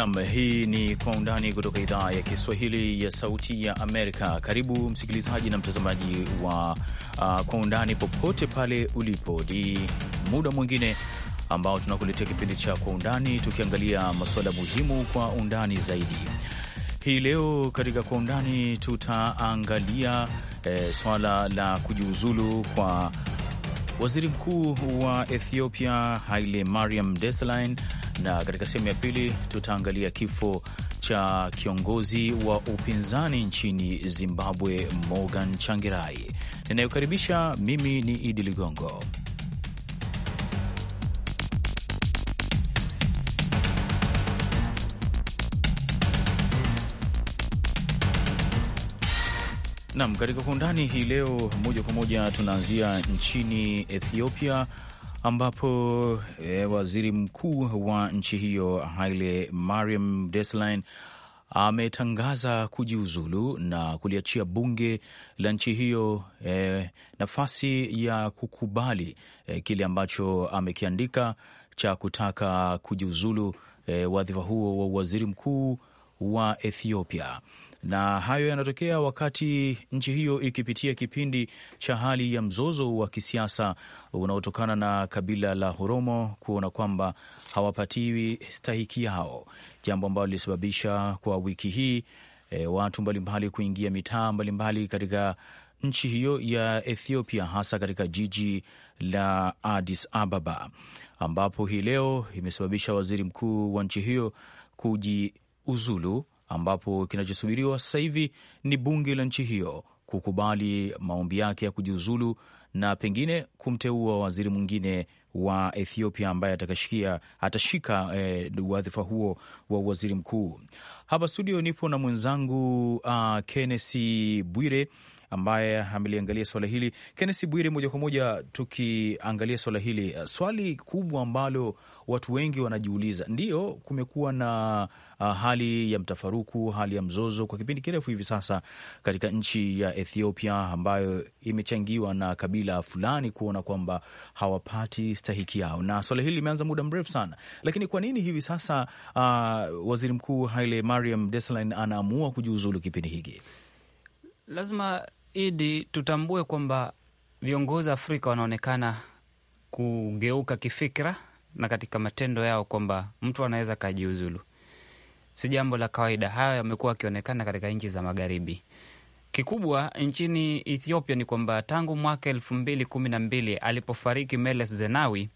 Nam, hii ni Kwa Undani kutoka idhaa ya Kiswahili ya Sauti ya Amerika. Karibu msikilizaji na mtazamaji wa uh, Kwa Undani popote pale ulipo. Ni muda mwingine ambao tunakuletea kipindi cha Kwa Undani, tukiangalia masuala muhimu kwa undani zaidi. Hii leo katika Kwa Undani tutaangalia eh, swala la kujiuzulu kwa waziri mkuu wa Ethiopia Haile Mariam Desalegn, na katika sehemu ya pili tutaangalia kifo cha kiongozi wa upinzani nchini Zimbabwe Morgan Changirai. Ninayokaribisha mimi ni Idi Ligongo. Nam, katika kwa undani hii leo, moja kwa moja tunaanzia nchini Ethiopia ambapo e, waziri mkuu wa nchi hiyo Haile Mariam Desalegn ametangaza kujiuzulu na kuliachia bunge la nchi hiyo e, nafasi ya kukubali e, kile ambacho amekiandika cha kutaka kujiuzulu e, wadhifa huo wa waziri mkuu wa Ethiopia na hayo yanatokea wakati nchi hiyo ikipitia kipindi cha hali ya mzozo wa kisiasa unaotokana na kabila la Horomo kuona kwamba hawapatiwi stahiki yao, jambo ambalo lilisababisha kwa wiki hii e, watu mbalimbali kuingia mitaa mbalimbali katika nchi hiyo ya Ethiopia hasa katika jiji la Addis Ababa ambapo hii leo imesababisha waziri mkuu wa nchi hiyo kujiuzulu ambapo kinachosubiriwa sasa hivi ni bunge la nchi hiyo kukubali maombi yake ya kujiuzulu na pengine kumteua waziri mwingine wa Ethiopia ambaye atakashikia atashika eh, wadhifa huo wa waziri mkuu. Hapa studio nipo na mwenzangu uh, ah, Kennesi Bwire ambaye ameliangalia swala hili. Kennesi Bwire, moja kwa moja tukiangalia swala hili, eh, swali kubwa ambalo watu wengi wanajiuliza, ndiyo kumekuwa na uh, hali ya mtafaruku, hali ya mzozo kwa kipindi kirefu hivi sasa katika nchi ya Ethiopia ambayo imechangiwa na kabila fulani kuona kwamba hawapati stahiki yao, na swala hili limeanza muda mrefu sana. Lakini kwa nini hivi sasa uh, waziri mkuu Haile Mariam Desalegn anaamua kujiuzulu kipindi hiki? Lazima Idi, tutambue kwamba viongozi Afrika wanaonekana kugeuka kifikira na katika matendo yao kwamba mtu anaweza kajiuzulu, si jambo la kawaida. Hayo yamekuwa akionekana katika nchi za magharibi. Kikubwa nchini Ethiopia ni kwamba tangu mwaka elfu mbili kumi na mbili alipofariki Meles Zenawi,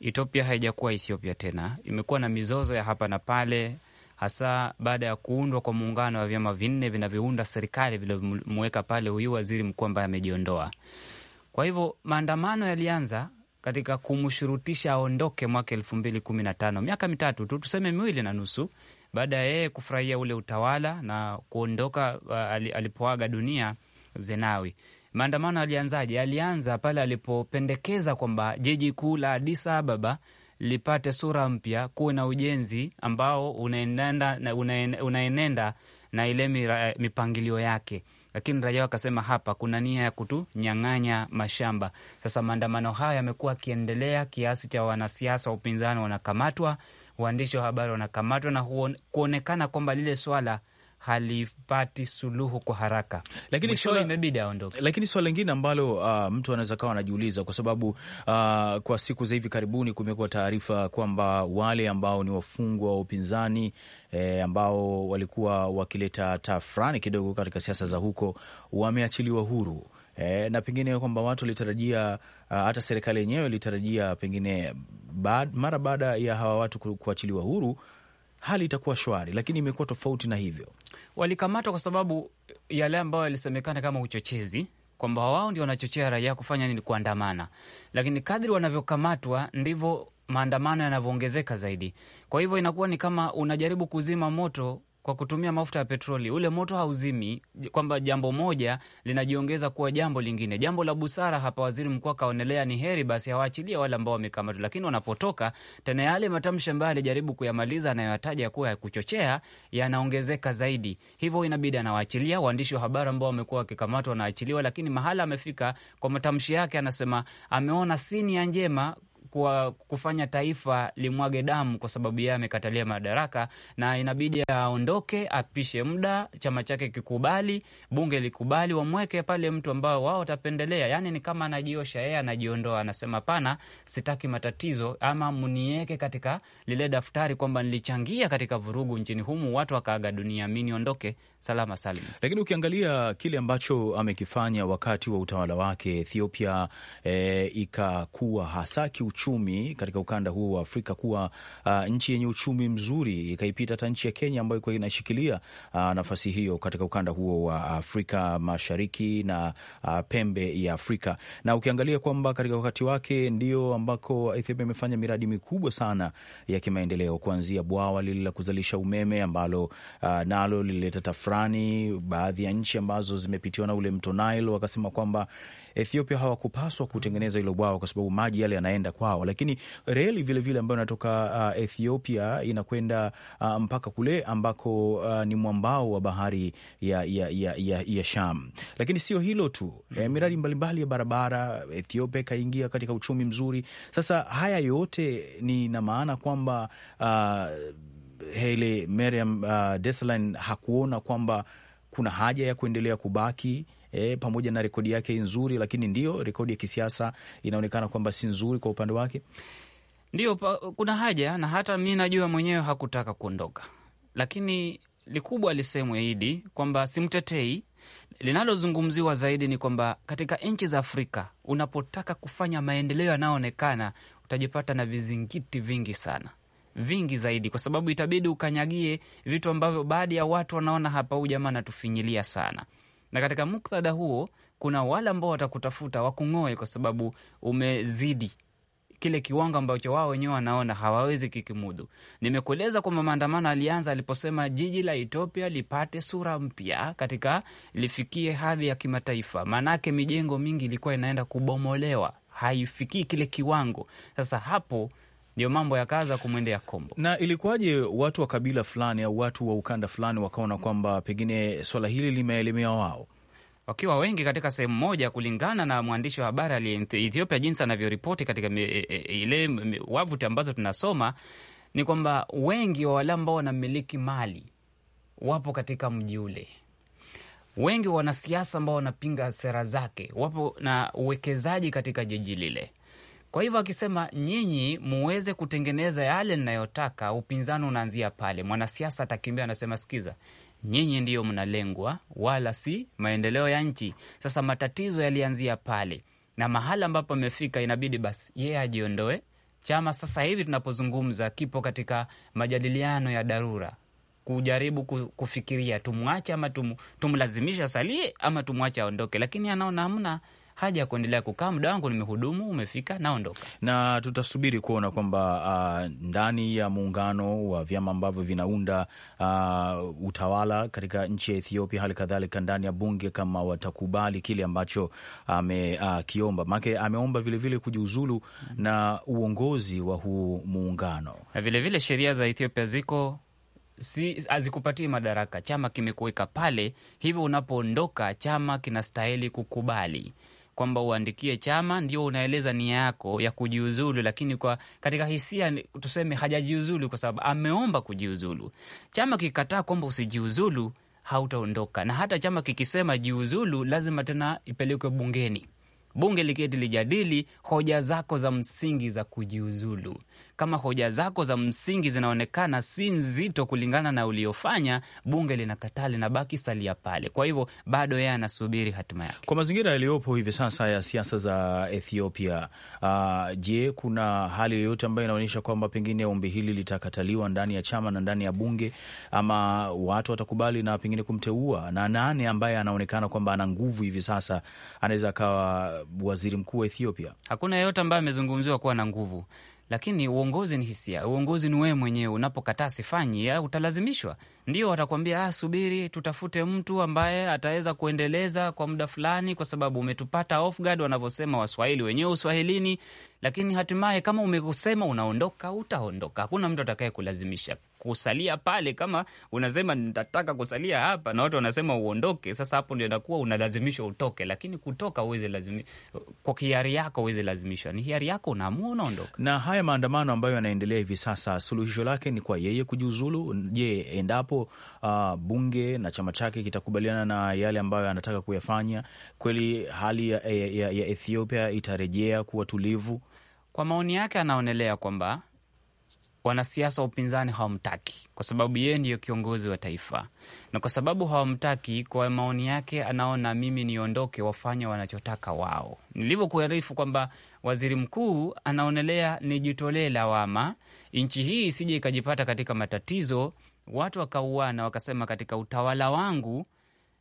Ethiopia haijakuwa Ethiopia tena, imekuwa na mizozo ya hapa na pale hasa baada ya kuundwa kwa muungano wa vyama vinne vinavyounda serikali vilivyomweka pale huyu waziri mkuu ambaye amejiondoa. Kwa hivyo maandamano yalianza katika kumshurutisha aondoke mwaka elfu mbili kumi na tano, miaka mitatu tu, tuseme miwili na nusu baada ya yeye kufurahia ule utawala na kuondoka uh, alipoaga dunia Zenawi. Maandamano alianzaje? Alianza pale alipopendekeza kwamba jiji kuu la Addis Ababa lipate sura mpya, kuwe na ujenzi ambao unaenenda na, unaen, unaenenda na ile mira, eh, mipangilio yake lakini raia wakasema hapa kuna nia ya kutunyang'anya mashamba. Sasa maandamano haya yamekuwa akiendelea kiasi cha wanasiasa wa upinzani wanakamatwa, waandishi wa habari wanakamatwa na huon, kuonekana kwamba lile swala halipati suluhu kwa haraka, lakini swala imebidi aondoke. Lakini swala lingine ambalo uh, mtu anaweza kawa anajiuliza kwa sababu uh, kwa siku za hivi karibuni kumekuwa taarifa kwamba wale ambao ni wafungwa wa upinzani e, ambao walikuwa wakileta taa fulani kidogo katika siasa za huko wameachiliwa huru. E, na pengine kwamba watu walitarajia uh, hata serikali yenyewe ilitarajia pengine bad, mara baada ya hawa watu kuachiliwa huru hali itakuwa shwari, lakini imekuwa tofauti na hivyo. Walikamatwa kwa sababu yale ambayo yalisemekana kama uchochezi kwamba wao ndio wanachochea raia kufanya nini, kuandamana. Lakini kadri wanavyokamatwa ndivyo maandamano yanavyoongezeka zaidi. Kwa hivyo inakuwa ni kama unajaribu kuzima moto kwa kutumia mafuta ya petroli, ule moto hauzimi, kwamba jambo moja linajiongeza kuwa jambo lingine. Jambo la busara hapa, waziri mkuu akaonelea ni heri basi hawaachilia wale ambao wamekamatwa, lakini wanapotoka tena, yale matamshi ambayo alijaribu kuyamaliza anayoyataja kuwa ya kuchochea yanaongezeka zaidi, hivyo inabidi anawaachilia waandishi wa habari ambao wamekuwa wakikamatwa, wanaachiliwa. Lakini mahala amefika kwa matamshi yake, anasema ameona sini ya njema kuwa, kufanya taifa limwage damu kwa sababu yeye amekatalia madaraka na inabidi aondoke, apishe muda, chama chake kikubali, bunge likubali, wamweke pale mtu ambao wao watapendelea. Yani ni kama anajiosha yeye, anajiondoa, anasema pana, sitaki matatizo, ama mniweke katika lile daftari kwamba nilichangia katika vurugu nchini humu, watu wakaaga dunia, mi niondoke salama salim. Lakini ukiangalia kile ambacho amekifanya wakati wa utawala wake Ethiopia, e, eh, ikakuwa hasa kiuchumi uchumi katika ukanda huo wa Afrika kuwa uh, nchi yenye uchumi mzuri, ikaipita hata nchi ya Kenya ambayo ilikuwa inashikilia uh, nafasi hiyo katika ukanda huo wa Afrika Mashariki na uh, pembe ya Afrika, na ukiangalia kwamba katika wakati wake ndio ambako Ethiopia imefanya miradi mikubwa sana ya kimaendeleo, kuanzia bwawa lile la kuzalisha umeme ambalo uh, nalo lilileta tafrani baadhi ya nchi ambazo zimepitiwa na ule mto Nile, wakasema kwamba Ethiopia hawakupaswa kutengeneza hilo bwawa kwa sababu maji yale yanaenda kwao, lakini reli vilevile ambayo inatoka uh, Ethiopia inakwenda uh, mpaka kule ambako uh, ni mwambao wa bahari ya, ya, ya, ya, ya Sham. Lakini sio hilo tu mm -hmm. E, miradi mbalimbali ya barabara Ethiopia ikaingia katika uchumi mzuri. Sasa haya yote ni na maana kwamba uh, Haile Mariam uh, Desalegn hakuona kwamba kuna haja ya kuendelea kubaki e, pamoja na rekodi yake nzuri, lakini ndio rekodi ya kisiasa inaonekana kwamba si nzuri kwa upande wake. Ndiyo, kuna haja na hata mi najua mwenyewe hakutaka kuondoka, lakini likubwa lisemwe Idi kwamba simtetei. Linalozungumziwa zaidi ni kwamba katika nchi za Afrika unapotaka kufanya maendeleo yanayoonekana utajipata na vizingiti vingi sana vingi zaidi, kwa sababu itabidi ukanyagie vitu ambavyo baadhi ya watu wanaona hapa, huu jamaa anatufinyilia sana. Na katika muktadha huo, kuna wale ambao watakutafuta wakung'oe, kwa sababu umezidi kile kiwango ambacho wao wenyewe wanaona hawawezi kikimudu. Nimekueleza kwamba maandamano alianza aliposema jiji la Ethiopia lipate sura mpya katika lifikie hadhi ya kimataifa, maanake mijengo mingi ilikuwa inaenda kubomolewa haifikii kile kiwango. Sasa hapo ndio mambo yakaanza kumwendea ya kombo. Na ilikuwaje watu wa kabila fulani au watu wa ukanda fulani wakaona kwamba pengine swala hili limeelemea wao wakiwa wengi katika sehemu moja, kulingana na mwandishi wa habari aliye Ethiopia, jinsi anavyoripoti katika e, e, e, ile wavuti ambazo tunasoma ni kwamba wengi wa wale ambao wanamiliki mali wapo katika mji ule, wengi wa wanasiasa ambao wanapinga sera zake wapo na uwekezaji katika jiji lile. Kwa hivyo akisema nyinyi muweze kutengeneza yale ninayotaka, upinzani unaanzia pale. Mwanasiasa atakimbia anasema, sikiza, nyinyi ndiyo mnalengwa, wala si maendeleo ya nchi. Sasa matatizo yalianzia pale na mahala ambapo amefika, inabidi basi yeye ajiondoe. Chama sasa hivi tunapozungumza kipo katika majadiliano ya dharura kujaribu kufikiria tumwache ama tum, tumlazimisha salie ama tumwache aondoke, lakini anaona hamna haja ya kuendelea kukaa, muda wangu nimehudumu, umefika, naondoka. Na tutasubiri kuona kwamba uh, ndani ya muungano wa vyama ambavyo vinaunda uh, utawala katika nchi ya Ethiopia, hali kadhalika ndani ya bunge, kama watakubali kile ambacho amekiomba ah, uh, make ameomba vilevile kujiuzulu na uongozi wa huu muungano vilevile, sheria za Ethiopia ziko si hazikupatii madaraka, chama kimekuweka pale. Hivyo unapoondoka, chama kinastahili kukubali kwamba uandikie chama, ndio unaeleza nia yako ya kujiuzulu, lakini kwa katika hisia tuseme hajajiuzulu kwa sababu ameomba kujiuzulu. Chama kikataa kwamba usijiuzulu, hautaondoka na hata chama kikisema jiuzulu, lazima tena ipelekwe bungeni bunge liketi lijadili hoja zako za msingi za kujiuzulu. Kama hoja zako za msingi zinaonekana si nzito kulingana na uliofanya, bunge linakataa, linabaki salia pale. Kwa hivyo bado yeye anasubiri hatima yake. Kwa mazingira yaliyopo hivi sasa ya siasa za Ethiopia, uh, je, kuna hali yoyote ambayo inaonyesha kwamba pengine ombi hili litakataliwa ndani ya chama na ndani ya bunge, ama watu watakubali na pengine kumteua na nane ambaye anaonekana kwamba ana nguvu hivi sasa anaweza akawa waziri mkuu wa Ethiopia. Hakuna yeyote ambaye amezungumziwa kuwa na nguvu, lakini uongozi ni hisia, uongozi ni wewe mwenyewe. Unapokataa sifanyi, utalazimishwa ndio watakwambia ah, subiri tutafute mtu ambaye ataweza kuendeleza kwa muda fulani, kwa sababu umetupata off guard, wanavyosema Waswahili wenyewe Uswahilini. Lakini hatimaye kama umesema unaondoka, utaondoka. Hakuna mtu atakaye kulazimisha kusalia pale. Kama unasema nitataka kusalia hapa na watu wanasema uondoke, sasa hapo ndio inakuwa unalazimishwa utoke, lakini kutoka uwezi lazimi, kwa hiari yako uwezi lazimishwa. Ni hiari yako, unaamua unaondoka. Na haya maandamano ambayo yanaendelea hivi sasa, suluhisho lake ni kwa yeye kujiuzulu? Je, endapo Endapo uh, bunge na chama chake kitakubaliana na yale ambayo anataka kuyafanya, kweli hali ya, ya, ya Ethiopia itarejea kuwa tulivu? Kwa maoni yake, anaonelea kwamba wanasiasa wa upinzani hawamtaki kwa sababu yeye ndiyo kiongozi wa taifa, na kwa sababu hawamtaki, kwa maoni yake, anaona mimi niondoke, wafanye wanachotaka wao. Nilivyokuarifu kwamba waziri mkuu anaonelea nijitolee lawama, nchi hii isije ikajipata katika matatizo watu wakauana, wakasema katika utawala wangu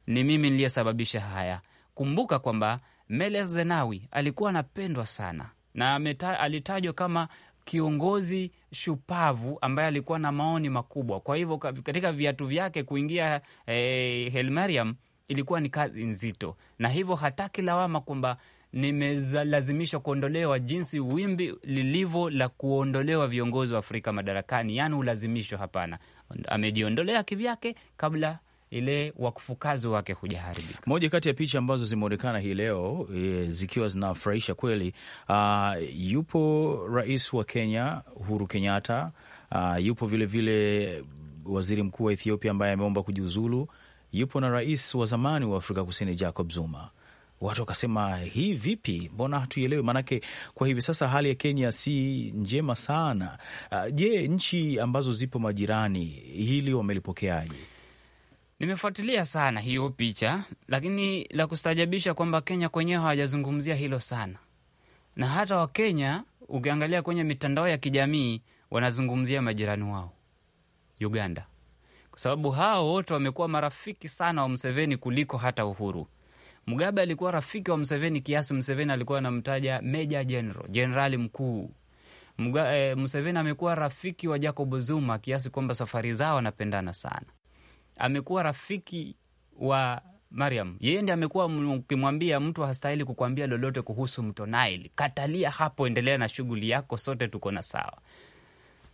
ni mimi niliyesababisha haya. Kumbuka kwamba Meles Zenawi alikuwa anapendwa sana na meta, alitajwa kama kiongozi shupavu ambaye alikuwa na maoni makubwa. Kwa hivyo katika viatu vyake kuingia eh, Helmariam ilikuwa ni kazi nzito, na hivyo hataki lawama kwamba nimelazimishwa kuondolewa, jinsi wimbi lilivyo la kuondolewa viongozi wa Afrika madarakani, yaani ulazimishwa. Hapana, amejiondolea kivyake kabla ile wakufukazi wake hujaharibika. Moja kati ya picha ambazo zimeonekana hii leo e, zikiwa zinafurahisha kweli. Uh, yupo rais wa Kenya Uhuru Kenyatta, uh, yupo vilevile vile waziri mkuu wa Ethiopia ambaye ameomba kujiuzulu, yupo na rais wa zamani wa Afrika Kusini Jacob Zuma watu wakasema hii vipi, mbona hatuielewi? Maanake kwa hivi sasa hali ya Kenya si njema sana. Uh, je, nchi ambazo zipo majirani hili wamelipokeaje? Nimefuatilia sana hiyo picha, lakini la kustajabisha kwamba Kenya kwenyewe hawajazungumzia hilo sana, na hata Wakenya ukiangalia kwenye mitandao ya kijamii wanazungumzia majirani wao Uganda, kwa sababu hao wote wamekuwa marafiki sana wa Mseveni kuliko hata Uhuru. Mugabe alikuwa rafiki wa Mseveni kiasi Mseveni alikuwa anamtaja meja general, jenerali mkuu. Mga, e, eh, Mseveni amekuwa rafiki wa Jacob Zuma kiasi kwamba safari zao anapendana sana. Amekuwa rafiki wa Mariam, yeye ndiye amekuwa, ukimwambia mtu hastahili kukwambia lolote kuhusu mto Nile, katalia hapo, endelea na shughuli yako, sote tuko na sawa.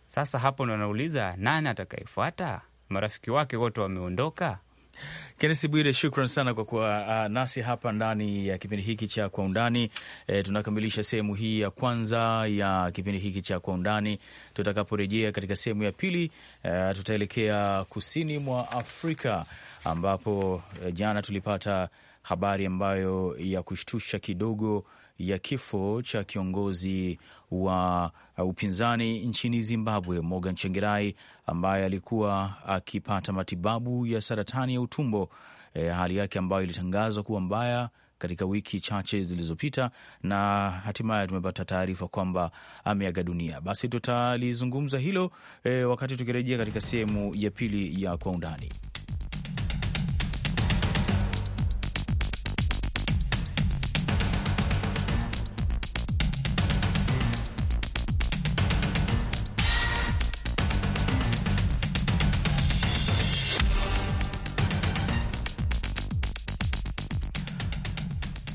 Sasa hapo ndo anauliza nani atakayefuata? Marafiki wake wote wameondoka, Kennesi Bwire, shukran sana kwa kuwa uh, nasi hapa ndani ya kipindi hiki cha Kwa Undani. E, tunakamilisha sehemu hii ya kwanza ya kipindi hiki cha Kwa Undani. Tutakaporejea katika sehemu ya pili, e, tutaelekea kusini mwa Afrika ambapo e, jana tulipata habari ambayo ya kushtusha kidogo ya kifo cha kiongozi wa uh, upinzani nchini Zimbabwe Morgan chengerai ambaye alikuwa akipata matibabu ya saratani ya utumbo, e, hali yake ambayo ilitangazwa kuwa mbaya katika wiki chache zilizopita na hatimaye tumepata taarifa kwamba ameaga dunia. Basi tutalizungumza hilo e, wakati tukirejea katika sehemu ya pili ya kwa undani.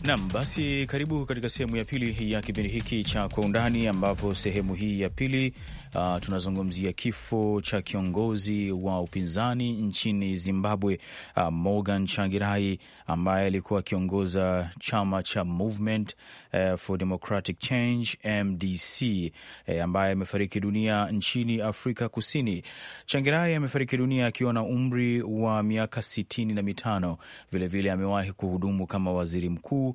Nam, basi karibu katika sehemu ya pili ya kipindi hiki cha Kwa Undani, ambapo sehemu hii ya pili uh, tunazungumzia kifo cha kiongozi wa upinzani nchini Zimbabwe uh, Morgan Changirai ambaye alikuwa akiongoza chama cha Movement uh, for Democratic Change MDC uh, ambaye amefariki dunia nchini Afrika Kusini. Changirai amefariki dunia akiwa na umri wa miaka sitini na mitano. Vilevile amewahi kuhudumu kama waziri mkuu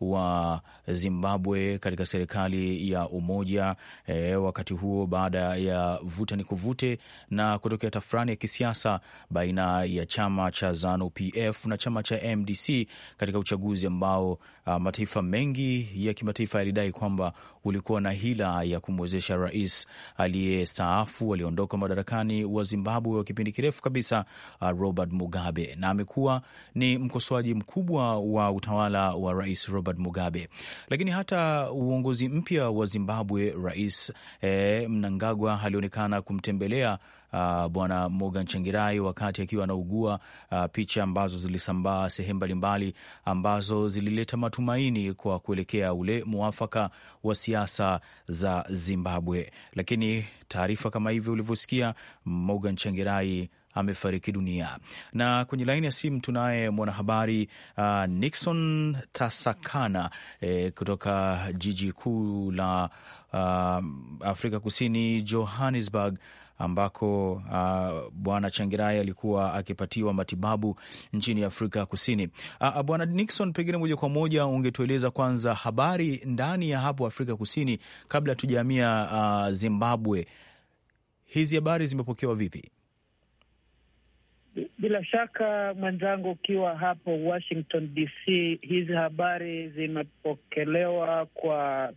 wa Zimbabwe katika serikali ya umoja e, wakati huo baada ya vuta ni kuvute na kutokea tafrani ya kisiasa baina ya chama cha Zanu PF na chama cha MDC katika uchaguzi ambao a, mataifa mengi ya kimataifa yalidai kwamba ulikuwa na hila ya kumwezesha rais aliyestaafu aliondoka madarakani wa Zimbabwe wa kipindi kirefu kabisa a, Robert Mugabe, na amekuwa ni mkosoaji mkubwa wa utawala wa rais Robert Robert Mugabe. Lakini hata uongozi mpya wa Zimbabwe, Rais eh, Mnangagwa alionekana kumtembelea Uh, Bwana Morgan Changirai wakati akiwa anaugua, uh, picha ambazo zilisambaa sehemu mbalimbali ambazo zilileta matumaini kwa kuelekea ule mwafaka wa siasa za Zimbabwe. Lakini taarifa kama hivyo ulivyosikia, Morgan Changirai amefariki dunia. Na kwenye laini ya simu tunaye mwanahabari uh, Nixon Tasakana eh, kutoka jiji kuu la uh, Afrika Kusini, Johannesburg ambako uh, Bwana Changirai alikuwa akipatiwa matibabu nchini Afrika Kusini. Uh, uh, Bwana Nixon, pengine moja kwa moja ungetueleza kwanza habari ndani ya hapo Afrika Kusini kabla tujahamia uh, Zimbabwe. Hizi habari zimepokewa vipi? Bila shaka mwenzangu, ukiwa hapo Washington DC, hizi habari zimepokelewa kwa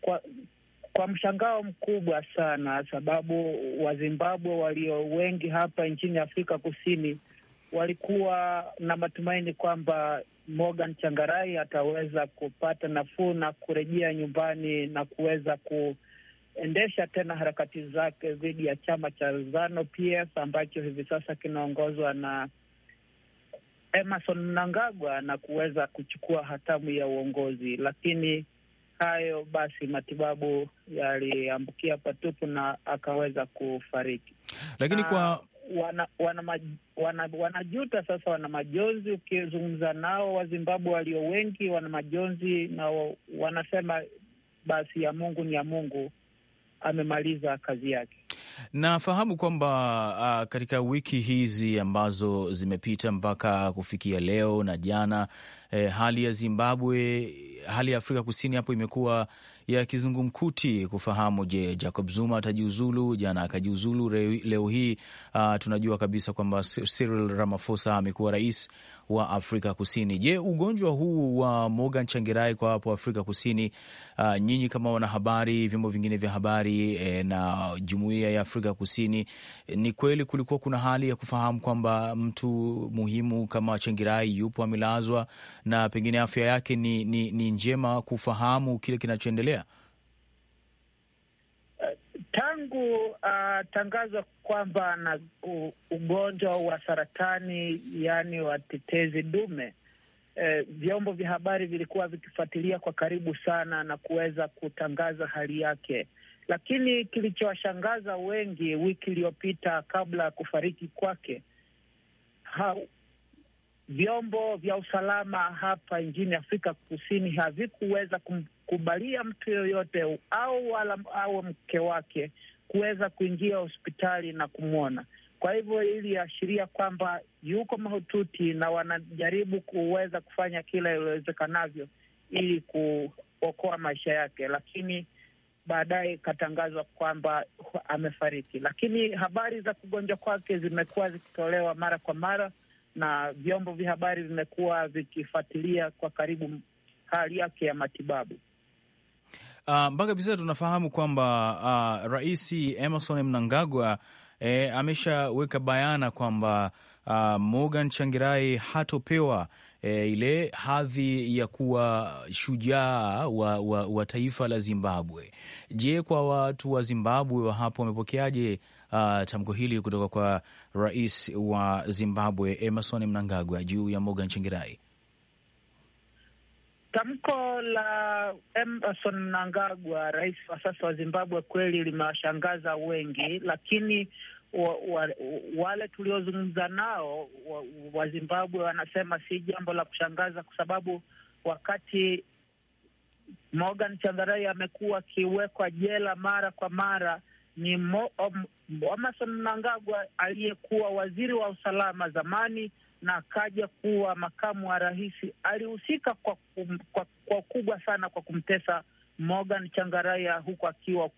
kwa kwa mshangao mkubwa sana, sababu Wazimbabwe walio wengi hapa nchini Afrika Kusini walikuwa na matumaini kwamba Morgan Changarai ataweza kupata nafuu na kurejea nyumbani na kuweza ku endesha tena harakati zake dhidi ya chama cha Zano PF ambacho hivi sasa kinaongozwa na Emerson Mnangagwa na kuweza kuchukua hatamu ya uongozi. Lakini hayo basi, matibabu yaliambukia patupu na akaweza kufariki. Lakini kwa wana, wana, wana, sasa, wana majonzi. Ukizungumza nao Wazimbabwe walio wengi wana majonzi na wanasema basi ya Mungu ni ya Mungu amemaliza kazi yake. Nafahamu kwamba uh, katika wiki hizi ambazo zimepita mpaka kufikia leo na jana, eh, hali ya Zimbabwe, hali ya Afrika Kusini hapo imekuwa ya kizungumkuti kufahamu, je, Jacob Zuma atajiuzulu? Jana akajiuzulu, leo hii uh, tunajua kabisa kwamba Cyril Ramaphosa amekuwa rais wa Afrika Kusini. Je, ugonjwa huu wa Morgan Changirai kwa hapo Afrika Kusini, uh, nyinyi kama wanahabari, vyombo vingine vya habari eh, na jumuia historia ya Afrika Kusini, ni kweli kulikuwa kuna hali ya kufahamu kwamba mtu muhimu kama Chengirai yupo amelazwa na pengine afya yake ni, ni, ni njema kufahamu kile kinachoendelea tangu uh, tangazo kwamba na ugonjwa wa saratani yaani watetezi dume. Eh, vyombo vya habari vilikuwa vikifuatilia kwa karibu sana na kuweza kutangaza hali yake, lakini kilichowashangaza wengi wiki iliyopita kabla ya kufariki kwake, vyombo vya usalama hapa nchini Afrika Kusini havikuweza kumkubalia mtu yoyote au wala au mke wake kuweza kuingia hospitali na kumwona. Kwa hivyo iliashiria kwamba yuko mahututi na wanajaribu kuweza kufanya kila iliwezekanavyo ili kuokoa maisha yake, lakini baadaye ikatangazwa kwamba amefariki, lakini habari za kugonjwa kwake zimekuwa zikitolewa mara kwa mara na vyombo vya habari vimekuwa vikifuatilia kwa karibu hali yake ya matibabu. Uh, mpaka visa tunafahamu kwamba uh, Rais Emerson Mnangagwa eh, ameshaweka bayana kwamba uh, Morgan Changirai hatopewa e, ile hadhi ya kuwa shujaa wa, wa, wa taifa la Zimbabwe. Je, kwa watu wa Zimbabwe wa hapo wamepokeaje uh, tamko hili kutoka kwa rais wa Zimbabwe Emerson Mnangagwa juu ya Morgan Chingirai? Tamko la Emerson Mnangagwa, rais wa sasa wa Zimbabwe, kweli limewashangaza wengi, lakini wa, wa, wale tuliozungumza nao Wazimbabwe wa wanasema si jambo la kushangaza kwa sababu wakati Morgan Chandarai amekuwa akiwekwa jela mara kwa mara ni Mo, um, Mnangagwa aliyekuwa waziri wa usalama zamani na akaja kuwa makamu wa rais, alihusika kwa, kwa, kwa kubwa sana kwa kumtesa Morgan Changaraya huku akiwa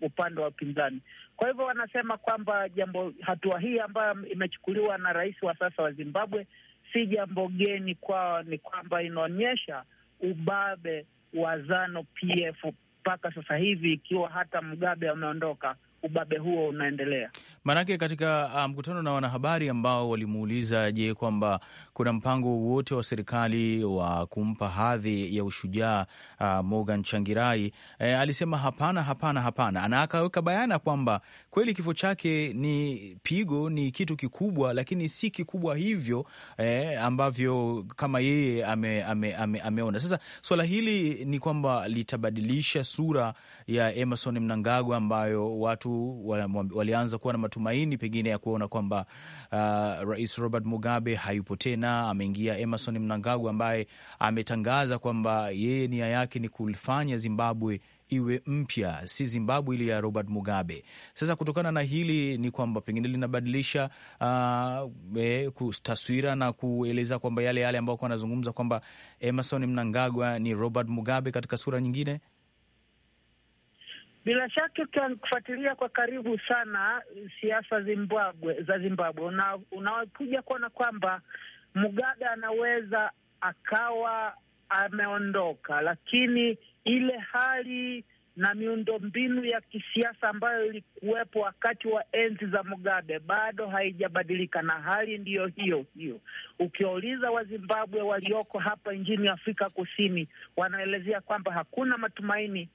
upande wa upinzani. Kwa hivyo wanasema kwamba jambo, hatua hii ambayo imechukuliwa na rais wa sasa wa Zimbabwe si jambo geni kwao, ni kwamba inaonyesha ubabe wa Zanu PF mpaka sasa hivi, ikiwa hata Mugabe ameondoka ubabe huo unaendelea. Maanake katika uh, mkutano um, na wanahabari ambao walimuuliza, je, kwamba kuna mpango wowote wa serikali wa kumpa hadhi ya ushujaa uh, Morgan Changirai, e, eh, alisema hapana, hapana, hapana, na akaweka bayana kwamba kweli kifo chake ni pigo, ni kitu kikubwa, lakini si kikubwa hivyo e, ambavyo kama yeye ame, ame, ame, ameona. Sasa swala hili ni kwamba litabadilisha sura ya Emerson Mnangagwa ambayo watu walianza kuwa na matumaini pengine ya kuona kwamba uh, Rais Robert Mugabe hayupo tena, ameingia Emerson Mnangagwa ambaye ametangaza kwamba yeye nia yake ni kulifanya Zimbabwe iwe mpya, si Zimbabwe ile ya Robert Mugabe. Sasa kutokana na hili ni kwamba pengine linabadilisha uh, eh, taswira na kueleza kwamba yale yale ambayo anazungumza kwamba Emerson Mnangagwa ni Robert Mugabe katika sura nyingine. Bila shaka kufuatilia kwa karibu sana eh, siasa Zimbabwe za Zimbabwe, unakuja kuona kwamba Mugabe anaweza akawa ameondoka, lakini ile hali na miundombinu ya kisiasa ambayo ilikuwepo wakati wa enzi za Mugabe bado haijabadilika, na hali ndiyo hiyo hiyo. Ukiwauliza Wazimbabwe walioko hapa nchini Afrika Kusini, wanaelezea kwamba hakuna matumaini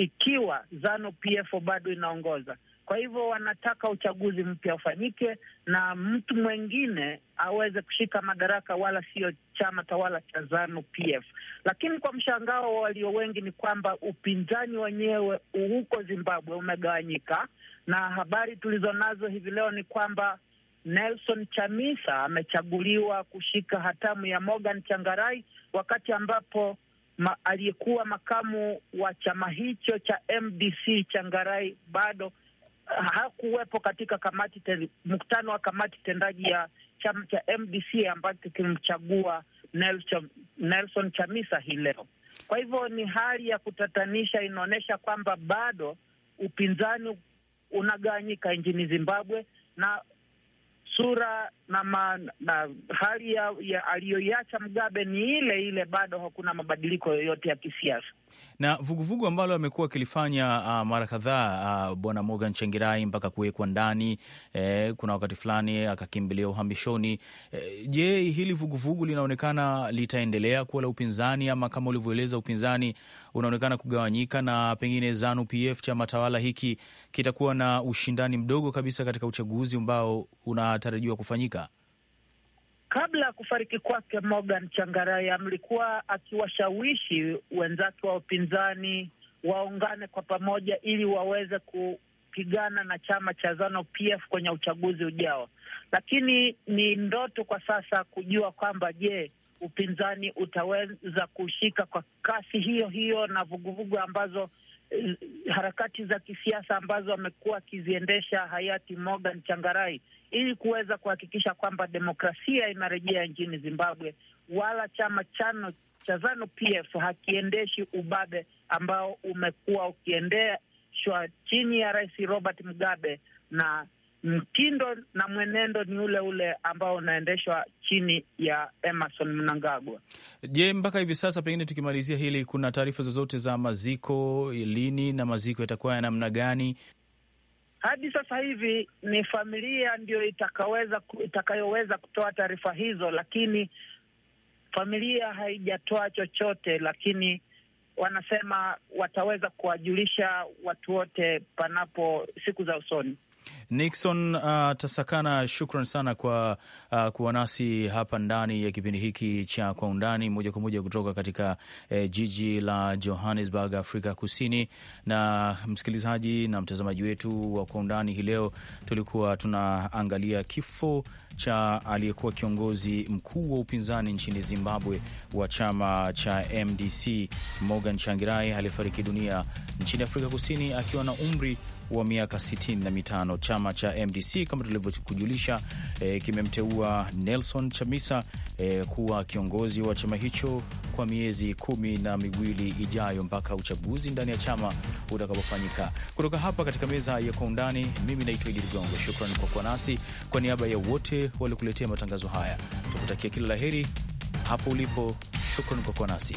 ikiwa Zanu PF bado inaongoza. Kwa hivyo wanataka uchaguzi mpya ufanyike na mtu mwengine aweze kushika madaraka, wala sio chama tawala cha Zanu PF. Lakini kwa mshangao wa walio wengi ni kwamba upinzani wenyewe huko Zimbabwe umegawanyika, na habari tulizonazo hivi leo ni kwamba Nelson Chamisa amechaguliwa kushika hatamu ya Morgan Changarai, wakati ambapo ma, aliyekuwa makamu wa chama hicho cha MDC Changarai bado uh, hakuwepo katika kamati mkutano wa kamati tendaji ya chama cha MDC ambacho kimchagua Nelson, Nelson Chamisa hii leo. Kwa hivyo ni hali ya kutatanisha, inaonyesha kwamba bado upinzani unagawanyika nchini Zimbabwe, na sura na, ma, na hali ya, ya aliyoiacha Mugabe ni ile ile, bado hakuna mabadiliko yoyote ya kisiasa na vuguvugu ambalo amekuwa akilifanya uh, mara kadhaa uh, bwana Morgan Chengirai mpaka kuwekwa ndani eh, kuna wakati fulani akakimbilia uhamishoni eh, je, hili vuguvugu linaonekana litaendelea kuwa la upinzani ama kama ulivyoeleza upinzani unaonekana kugawanyika na pengine Zanu PF chama tawala hiki kitakuwa na ushindani mdogo kabisa katika uchaguzi ambao una yanatarajiwa kufanyika? Kabla ya kufariki kwake, Morgan Changarai mlikuwa akiwashawishi wenzake wa upinzani waungane kwa pamoja ili waweze kupigana na chama cha Zanu PF kwenye uchaguzi ujao, lakini ni ndoto kwa sasa kujua kwamba je, upinzani utaweza kushika kwa kasi hiyo hiyo na vuguvugu ambazo Eh, harakati za kisiasa ambazo amekuwa akiziendesha hayati Morgan Changarai ili kuweza kuhakikisha kwamba demokrasia inarejea nchini Zimbabwe, wala chama chano cha Zanu PF hakiendeshi ubabe ambao umekuwa ukiendeshwa chini ya Rais Robert Mugabe na mtindo na mwenendo ni ule ule ambao unaendeshwa chini ya Emerson Mnangagwa. Je, mpaka hivi sasa, pengine tukimalizia hili, kuna taarifa zozote za maziko, lini na maziko yatakuwa ya namna gani? Hadi sasa hivi ni familia ndio itakaweza itakayoweza kutoa taarifa hizo, lakini familia haijatoa chochote, lakini wanasema wataweza kuwajulisha watu wote panapo siku za usoni. Nixon uh, Tasakana, shukran sana kwa uh, kuwa nasi hapa ndani ya kipindi hiki cha Kwa Undani, moja kwa moja kutoka katika eh, jiji la Johannesburg, Afrika Kusini. Na msikilizaji na mtazamaji wetu wa Kwa Undani hii leo, tulikuwa tunaangalia kifo cha aliyekuwa kiongozi mkuu wa upinzani nchini Zimbabwe wa chama cha MDC Morgan Changirai aliyefariki dunia nchini Afrika Kusini akiwa na umri wa miaka 65. Chama cha MDC kama tulivyokujulisha, e, kimemteua Nelson Chamisa e, kuwa kiongozi wa chama hicho kwa miezi kumi na miwili ijayo mpaka uchaguzi ndani ya chama utakapofanyika. Kutoka hapa katika meza ya kwa undani, mimi naitwa Idi Ligongo. Shukran kwa kuwa nasi. Kwa niaba ya wote waliokuletea matangazo haya, tukutakia kila la heri hapo ulipo. shukran kwa kuwa nasi.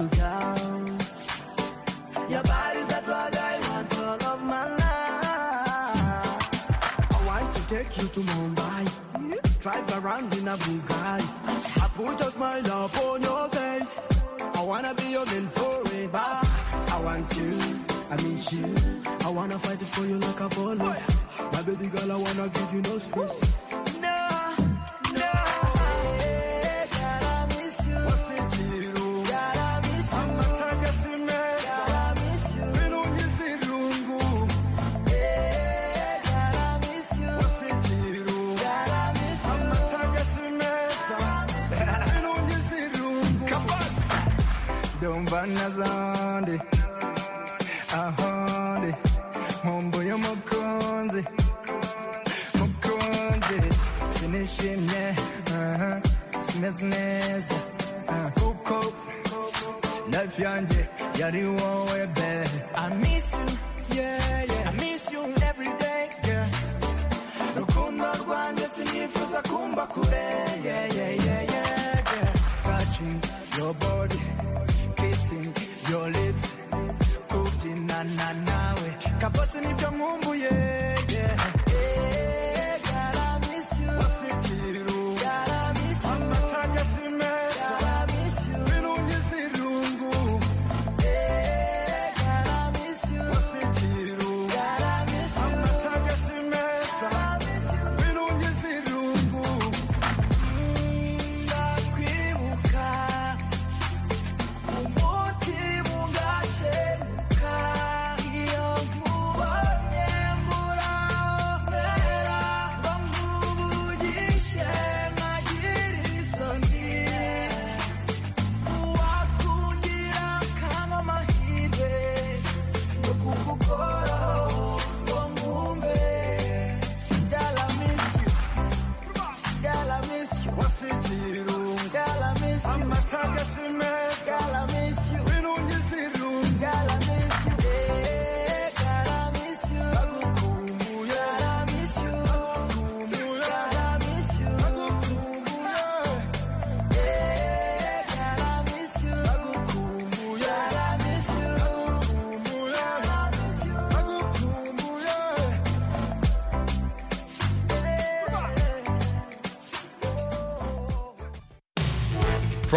in Your body's a drug I want all of my life. I want to take you to Mumbai, drive around in a Bugatti. I put a smile upon your face. I wanna be your man forever. I want you, I miss you. I wanna fight it for you like a bull. My baby girl, I wanna give you no space. ahonde uh-huh, uh-huh. kuko life yari wowe I miss you yeah yeah I miss you every day yeah rukundo sinifuza kure yeah yeah yeah yeah touching your body na na nawe kabose nibyo nkumbuye